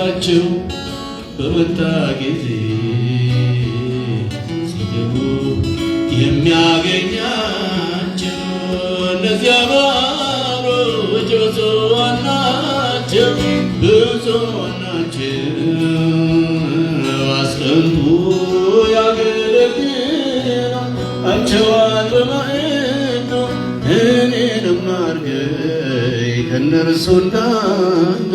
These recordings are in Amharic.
ይዟቸው በመጣ ጊዜ ሲገቡ የሚያገኛቸው እነዚያ ባሮች ብፁዓን ናቸው፣ ብፁዓን ናቸው። አስቀንቱ ያገለግል አንቸዋን በማዕዱ እኔንም አድርገኝ ከእነርሱ እንዳንዱ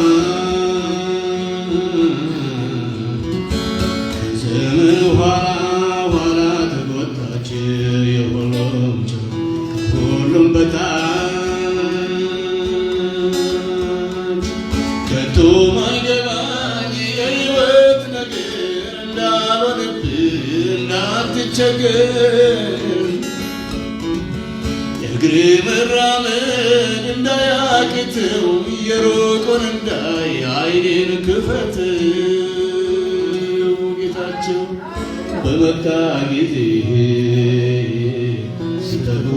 እግር መራመድ እንዳያቅተው የሩቁን እንዳይ አይኔን ክፈት ጌታቸው ጊዜ ሲተጉ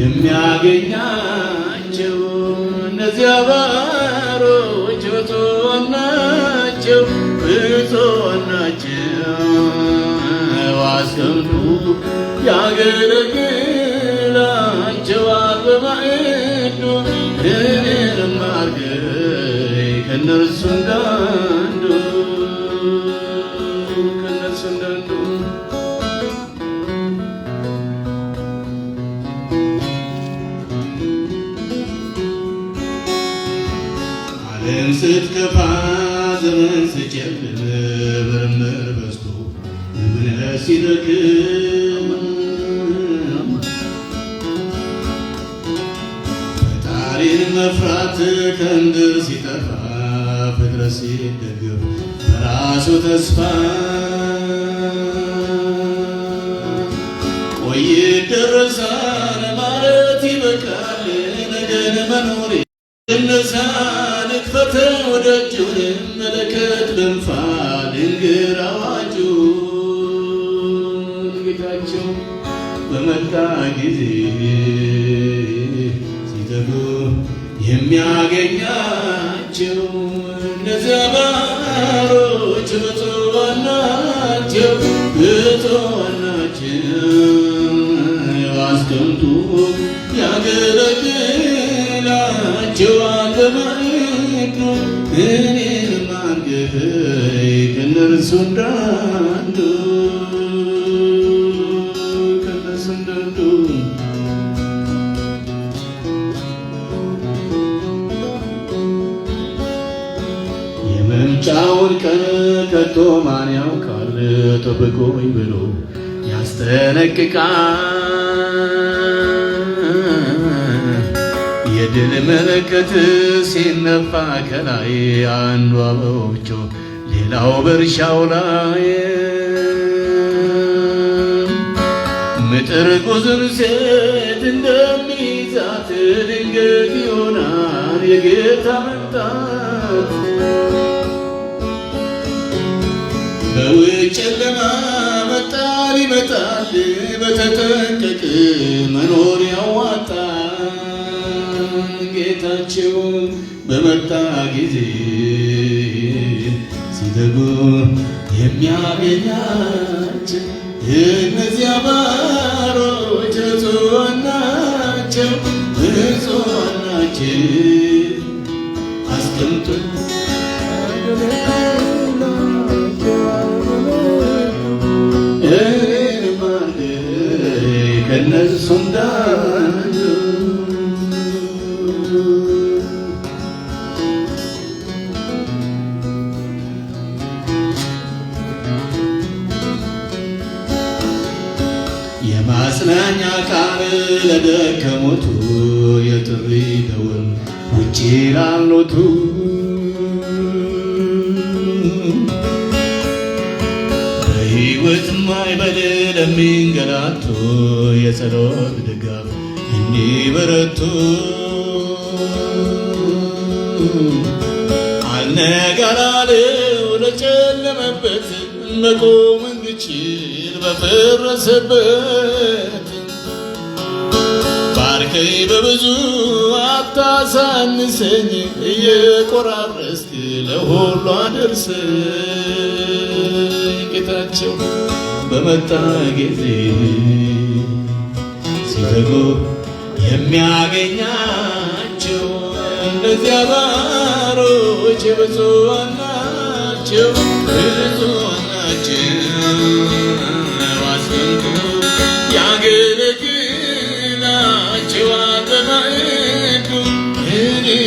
የሚያገኛቸው እነዚያ ባሮች ብፁዓን ናቸው ብፁዓን ናቸው ያገለግል Dönürsün ወይ ደረሳን ማለት ይበቃል። ነገን መኖር እነሳን ክፈተን ወደጁን መለከት በንፋል እንግር አዋጁ ጌታቸው በመጣ ጊዜ ሲተጉ የሚያገኛቸው አስቀምጡ ያገለግላቸው አለማይቱ እኔን ማርገህ ከነርሱ እንዳንዱ ከነርሱ እንዳንዱ የመምጫውን ቀን ከቶ ማን ያውቃል ብሎ ያስጠነቅቃል የድል መለከት ሲነፋ ከላይ አንዱ በወፍጮ ሌላው በእርሻው ላይ ምጥር ጉዝን ሴት እንደሚይዛት ድንገት ይሆናል የጌታ መምጣት። በውጭ ለማመጣ ይመጣል በተጠንቀቅ መኖር ያዋጣል ጌታቸው በመጣ ጊዜ ሲደጉ የሚያገኛቸው እነዚያ ባሮች ብፁዓን ናቸው ብፁዓን ናቸው አስቀምጡ ለደከሞቱ የጥሪ ደወል ውጪ ላሉቱ በሕይወት ማዕበል ለሚንገላቱ የጸሎት ድጋፍ እንዲበረቱ አልነጋላለው ለጨለመበት መቆም እንድችል በፈረሰበት ባርከኝ በብዙ አታሳንሰኝ እየቆራረስክ ለሁሉ አደርሰኝ ጌታቸው በመጣ ጊዜ ሲተጉ የሚያገኛቸው እነዚያ ባሮች ብፁዓን ናቸው።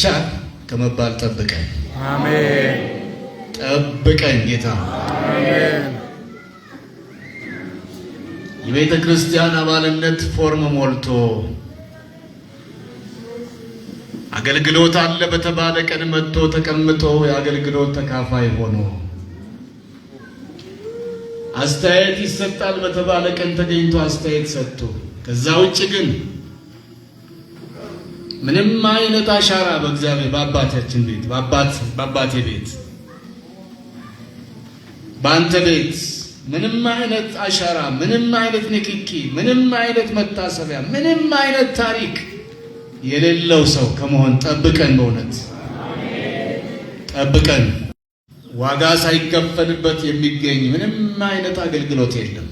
ብቻ ከመባል ጠብቀን አሜን። ጠብቀን ጌታ አሜን። የቤተ ክርስቲያን አባልነት ፎርም ሞልቶ አገልግሎት አለ በተባለ ቀን መጥቶ ተቀምጦ የአገልግሎት ተካፋይ ሆኖ አስተያየት ይሰጣል በተባለ ቀን ተገኝቶ አስተያየት ሰጥቶ ከዛ ውጭ ግን ምንም አይነት አሻራ በእግዚአብሔር በአባታችን ቤት በአባቴ ቤት በአንተ ቤት ምንም አይነት አሻራ፣ ምንም አይነት ንክኪ፣ ምንም አይነት መታሰቢያ፣ ምንም አይነት ታሪክ የሌለው ሰው ከመሆን ጠብቀን፣ በእውነት ጠብቀን። ዋጋ ሳይከፈልበት የሚገኝ ምንም አይነት አገልግሎት የለም።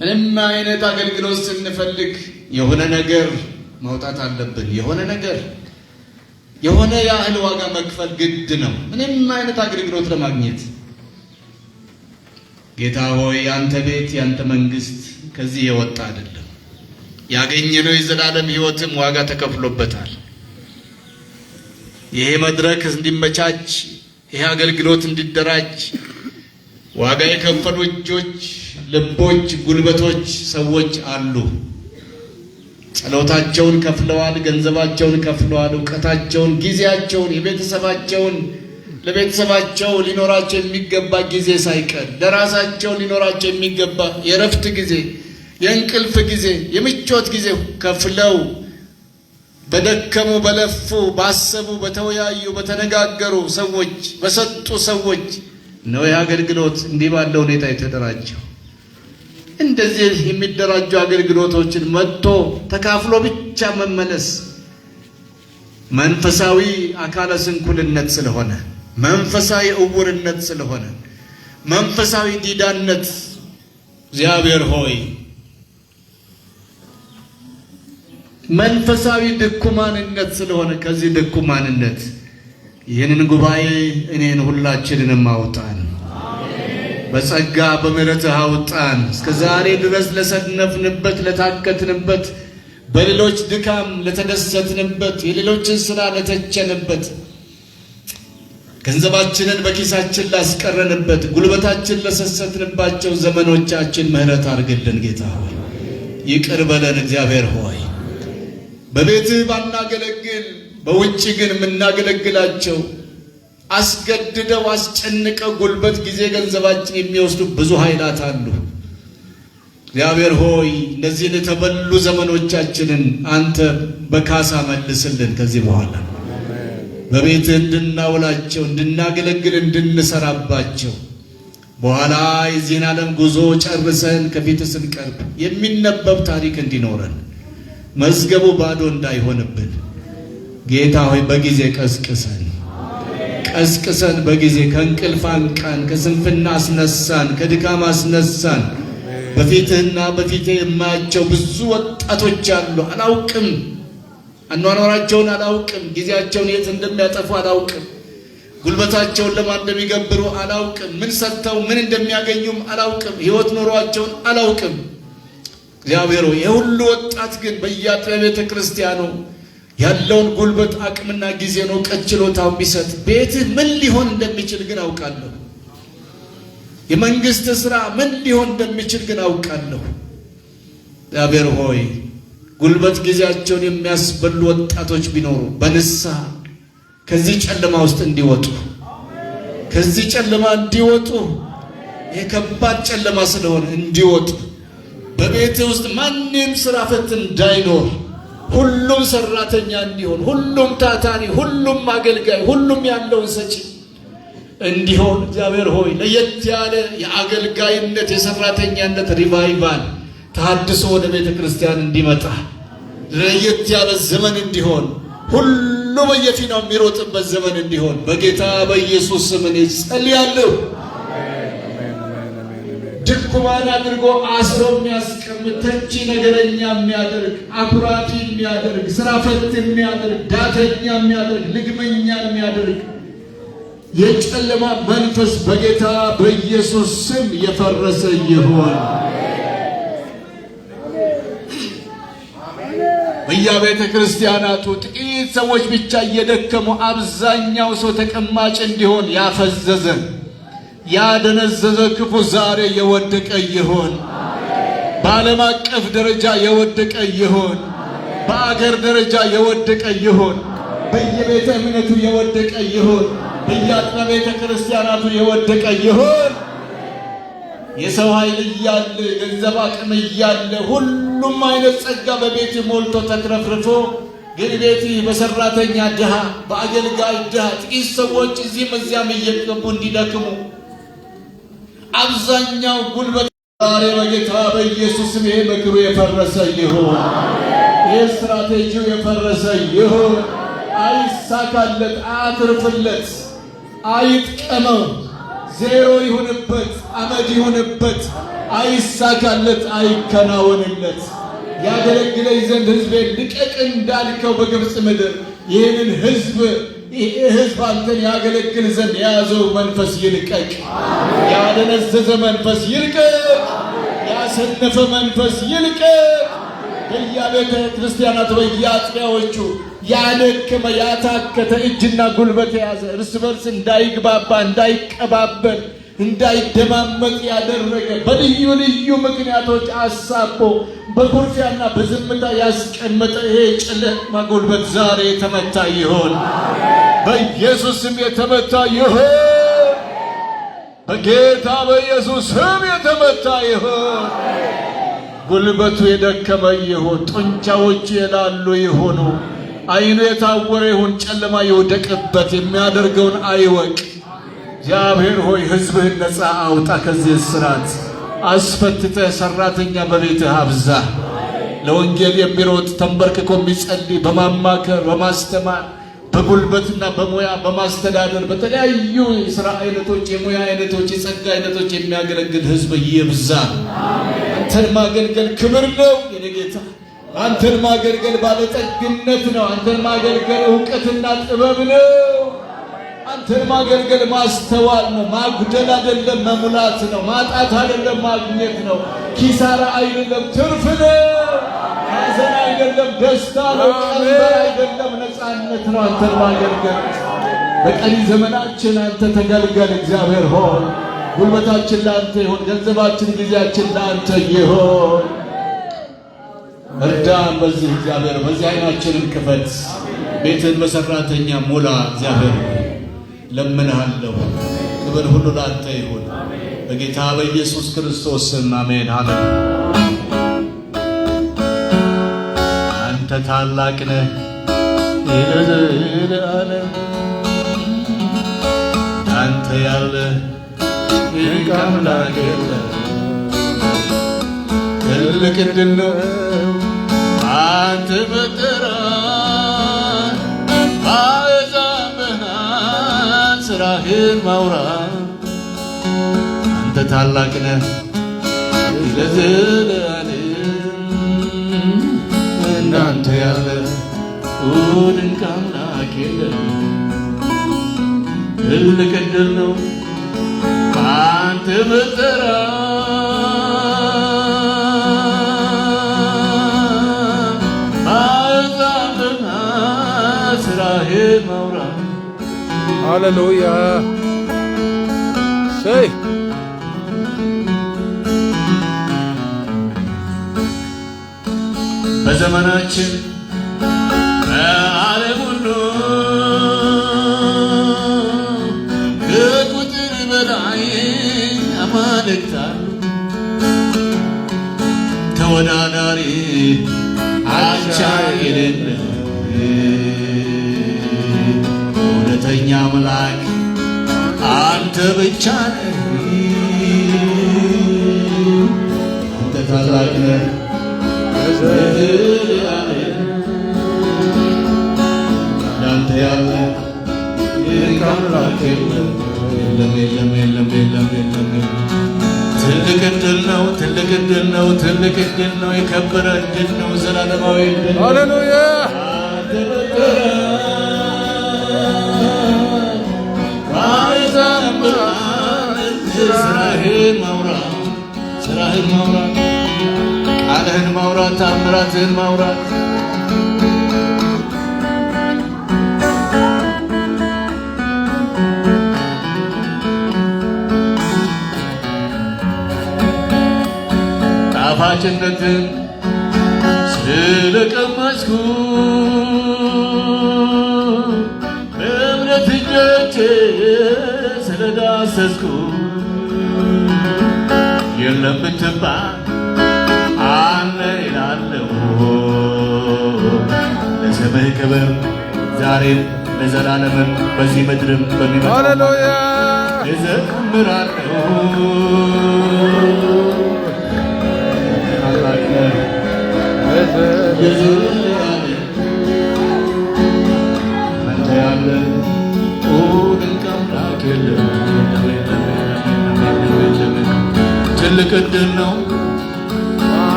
ምንም አይነት አገልግሎት ስንፈልግ የሆነ ነገር ማውጣት አለብን። የሆነ ነገር የሆነ ያህል ዋጋ መክፈል ግድ ነው፣ ምንም አይነት አገልግሎት ለማግኘት። ጌታ ሆይ ያንተ ቤት ያንተ መንግስት ከዚህ የወጣ አይደለም። ያገኘነው የዘላለም ህይወትም ዋጋ ተከፍሎበታል። ይሄ መድረክ እንዲመቻች፣ ይሄ አገልግሎት እንዲደራጅ ዋጋ የከፈሉ እጆች፣ ልቦች፣ ጉልበቶች፣ ሰዎች አሉ። ጸሎታቸውን ከፍለዋል፣ ገንዘባቸውን ከፍለዋል፣ እውቀታቸውን፣ ጊዜያቸውን፣ የቤተሰባቸውን ለቤተሰባቸው ሊኖራቸው የሚገባ ጊዜ ሳይቀር ለራሳቸው ሊኖራቸው የሚገባ የእረፍት ጊዜ፣ የእንቅልፍ ጊዜ፣ የምቾት ጊዜ ከፍለው በደከሙ፣ በለፉ፣ ባሰቡ፣ በተወያዩ፣ በተነጋገሩ ሰዎች፣ በሰጡ ሰዎች ነው ይህ አገልግሎት እንዲህ ባለ ሁኔታ የተደራጀው። እንደዚህ የሚደራጁ አገልግሎቶችን መጥቶ ተካፍሎ ብቻ መመለስ መንፈሳዊ አካለ ስንኩልነት ስለሆነ መንፈሳዊ እውርነት ስለሆነ መንፈሳዊ ዲዳነት እግዚአብሔር ሆይ መንፈሳዊ ድኩማንነት ስለሆነ ከዚህ ድኩማንነት ይህንን ጉባኤ እኔን ሁላችንንም አውጣን። በጸጋ በምሕረትህ አውጣን። እስከ ዛሬ ድረስ ለሰነፍንበት፣ ለታከትንበት፣ በሌሎች ድካም ለተደሰትንበት፣ የሌሎችን ስራ ለተቸንበት፣ ገንዘባችንን በኪሳችን ላስቀረንበት፣ ጉልበታችን ለሰሰትንባቸው ዘመኖቻችን ምሕረት አድርግልን ጌታ ሆይ ይቅር በለን። እግዚአብሔር ሆይ በቤትህ ባናገለግል፣ በውጭ ግን የምናገለግላቸው አስገድደው አስጨንቀው ጉልበት፣ ጊዜ፣ ገንዘባችን የሚወስዱ ብዙ ኃይላት አሉ። እግዚአብሔር ሆይ እነዚህን የተበሉ ዘመኖቻችንን አንተ በካሳ መልስልን። ከዚህ በኋላ በቤት እንድናውላቸው፣ እንድናገለግል፣ እንድንሰራባቸው በኋላ የዚህን ዓለም ጉዞ ጨርሰን ከፊት ስንቀርብ የሚነበብ ታሪክ እንዲኖረን መዝገቡ ባዶ እንዳይሆንብን ጌታ ሆይ በጊዜ ቀስቅሰን ቀስቅሰን በጊዜ ከእንቅልፍ አንቃን፣ ከስንፍና አስነሳን፣ ከድካም አስነሳን። በፊትህና በፊትህ የማያቸው ብዙ ወጣቶች አሉ። አላውቅም፣ አኗኗራቸውን አላውቅም፣ ጊዜያቸውን የት እንደሚያጠፉ አላውቅም፣ ጉልበታቸውን ለማን እንደሚገብሩ አላውቅም፣ ምን ሰጥተው ምን እንደሚያገኙም አላውቅም፣ ህይወት ኑሯቸውን አላውቅም። እግዚአብሔር ይህ ሁሉ ወጣት ግን በየአጥቢያ ቤተ ክርስቲያኑ ያለውን ጉልበት አቅምና ጊዜ ነው ቀችሎታው ቢሰጥ ቤትህ ምን ሊሆን እንደሚችል ግን አውቃለሁ። የመንግስት ስራ ምን ሊሆን እንደሚችል ግን አውቃለሁ። እግዚአብሔር ሆይ ጉልበት ጊዜያቸውን የሚያስበሉ ወጣቶች ቢኖሩ በንስሐ ከዚህ ጨለማ ውስጥ እንዲወጡ ከዚህ ጨለማ እንዲወጡ የከባድ ከባድ ጨለማ ስለሆነ እንዲወጡ በቤት ውስጥ ማንም ስራ ፈት እንዳይኖር ሁሉም ሰራተኛ እንዲሆን፣ ሁሉም ታታሪ፣ ሁሉም አገልጋይ፣ ሁሉም ያለውን ሰጪ እንዲሆን እግዚአብሔር ሆይ ለየት ያለ የአገልጋይነት የሰራተኛነት ሪቫይቫል ታድሶ ወደ ቤተ ክርስቲያን እንዲመጣ ለየት ያለ ዘመን እንዲሆን ሁሉ በየፊናው የሚሮጥበት ዘመን እንዲሆን በጌታ በኢየሱስ ስም እኔ ጸልያለሁ። ድኩማን አድርጎ አስሮ የሚያስቀምጥ ተቺ ነገረኛ የሚያደርግ አኩራፊ የሚያደርግ ስራ ፈት የሚያደርግ ዳተኛ የሚያደርግ ልግመኛ የሚያደርግ የጨለማ መንፈስ በጌታ በኢየሱስ ስም የፈረሰ ይሆን። በየቤተ ክርስቲያናቱ ጥቂት ሰዎች ብቻ እየደከሙ አብዛኛው ሰው ተቀማጭ እንዲሆን ያፈዘዘን ያደነዘዘ ክፉ ዛሬ የወደቀ ይሁን። በዓለም አቀፍ ደረጃ የወደቀ ይሁን። በአገር ደረጃ የወደቀ ይሁን። በየቤተ እምነቱ የወደቀ ይሁን። በየአጥቢያ ቤተ ክርስቲያናቱ የወደቀ ይሁን። የሰው ኃይል እያለ ገንዘብ አቅም እያለ ሁሉም አይነት ጸጋ በቤት ሞልቶ ተክረፍርፎ ግን ቤት በሰራተኛ ድሃ፣ በአገልጋይ ድሃ ጥቂት ሰዎች እዚህም እዚያም እየገቡ እንዲደክሙ አብዛኛው ጉልበት ዛሬ በጌታ በኢየሱስ ስም ይሄ ምክሩ የፈረሰ ይሁን። ይህ ስትራቴጂው የፈረሰ ይሁን። አይሳካለት፣ አትርፍለት አይጥቀመው፣ ዜሮ ይሁንበት፣ አመድ ይሁንበት። አይሳካለት፣ አይከናወንለት። ያገለግለኝ ዘንድ ህዝቤን ልቀቅ እንዳልከው በግብፅ ምድር ይህንን ህዝብ ህዝብ አንተን ያገለግል ዘንድ የያዘው መንፈስ ይልቀቅ። ያደነዘዘ መንፈስ ይልቀቅ። ያሰነፈ መንፈስ ይልቀቅ። በየቤተ ክርስቲያናት በየአጥቢያዎቹ ያደከመ ያታከተ እጅና ጉልበት የያዘ እርስ በርስ እንዳይግባባ እንዳይቀባበል እንዳይደማመጥ ያደረገ በልዩ ልዩ ምክንያቶች አሳቦ በኩርፊያና በዝምታ ያስቀመጠ ይሄ ጨለማ ጉልበት ዛሬ የተመታ ይሆን፣ በኢየሱስም የተመታ ይሆን፣ በጌታ በኢየሱስም የተመታ ይሆን። ጉልበቱ የደከመ ይሆን ጡንቻዎቹ የላሉ ይሆኑ፣ አይኑ የታወረ ይሁን፣ ጨለማ የወደቀበት የሚያደርገውን አይወቅ። እግዚአብሔር ሆይ ሕዝብህን ነፃ አውጣ፣ ከዚህ እስራት አስፈትተህ ሠራተኛ በቤትህ አብዛ። ለወንጌል የሚሮጥ ተንበርክኮ የሚጸልይ በማማከር በማስተማር በጉልበትና በሙያ በማስተዳደር በተለያዩ የሥራ አይነቶች፣ የሙያ አይነቶች፣ የጸጋ አይነቶች የሚያገለግል ህዝብ ይብዛ። አንተን ማገልገል ክብር ነው የኔ ጌታ። አንተን ማገልገል ባለጠግነት ነው። አንተን ማገልገል እውቀትና ጥበብ ነው። አንተን ማገልገል ማስተዋል ነው። ማጉደል አይደለም፣ መሙላት ነው። ማጣት አይደለም፣ ማግኘት ነው። ኪሳራ አይደለም፣ ትርፍ ነው። ሐዘን አይደለም፣ ደስታ ነው። ቀንበር አይደለም፣ ነፃነት ነው። አንተን ማገልገል በቀሪ ዘመናችን አንተ ተገልገል እግዚአብሔር ሆይ። ጉልበታችን ለአንተ ይሆን፣ ገንዘባችን፣ ጊዜያችን ለአንተ ይሆን። እርዳን በዚህ እግዚአብሔር፣ በዚህ አይናችንን ክፈት፣ ቤትን በሰራተኛ ሞላ እግዚአብሔር ለምንሃለሁ። ክብር ሁሉ ላንተ ይሁን በጌታ በኢየሱስ ክርስቶስ ስም አሜን። አለ አንተ ታላቅ ነህ አለ አንተ ያለ አምላክ ትልቅ አንተ ጌታህን ማውራት አንተ ታላቅ ነህ ለዘላለም እንዳንተ ያለ ድንቅ አምላክ የለም። ትልቅ ዕድል ነው በአንተ መጠራት ሃሌሉያ ሰይ በዘመናችን በዓለም ሁሉ ከቁጥር በላይ አማልክት አሉ። ተወዳዳሪ አቻ የሌለ አምላክ አንተ ብቻ አንተ ታላቅ ነህ። እንዳንተ ያለ አምላክ የለም የለም የለም የለም የለም። ትልቅ እድል ነው። ትልቅ እድል ነው። ትልቅ እድል ነው። የከበረ እድል ነው። ዘላለማዊ እድል ነው። ሃሌሉያ ሥራህን ማውራት፣ ቃልህን ማውራት፣ ታምራትህን ማውራት ጣፋጭነትን ስለቀመስኩ በእምነት እጆቼ ስለዳሰስኩ ለብትባ አለ ይላለሁ ለስምህ ክብር ዛሬም ለዘላለምም በዚህ ምድርም በሚመ እዘምራለሁ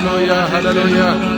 hallelujah, hallelujah.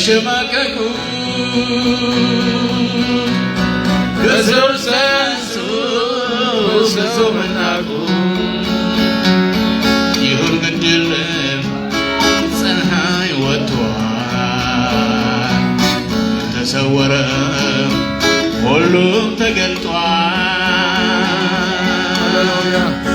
መሸማቀቁ ከሰው ሰንሱ ከሰው መናቁ ይሁን ግድልም ፀሐይ ወጥቷል፣ ተሰወረም ሁሉም ተገልጧል።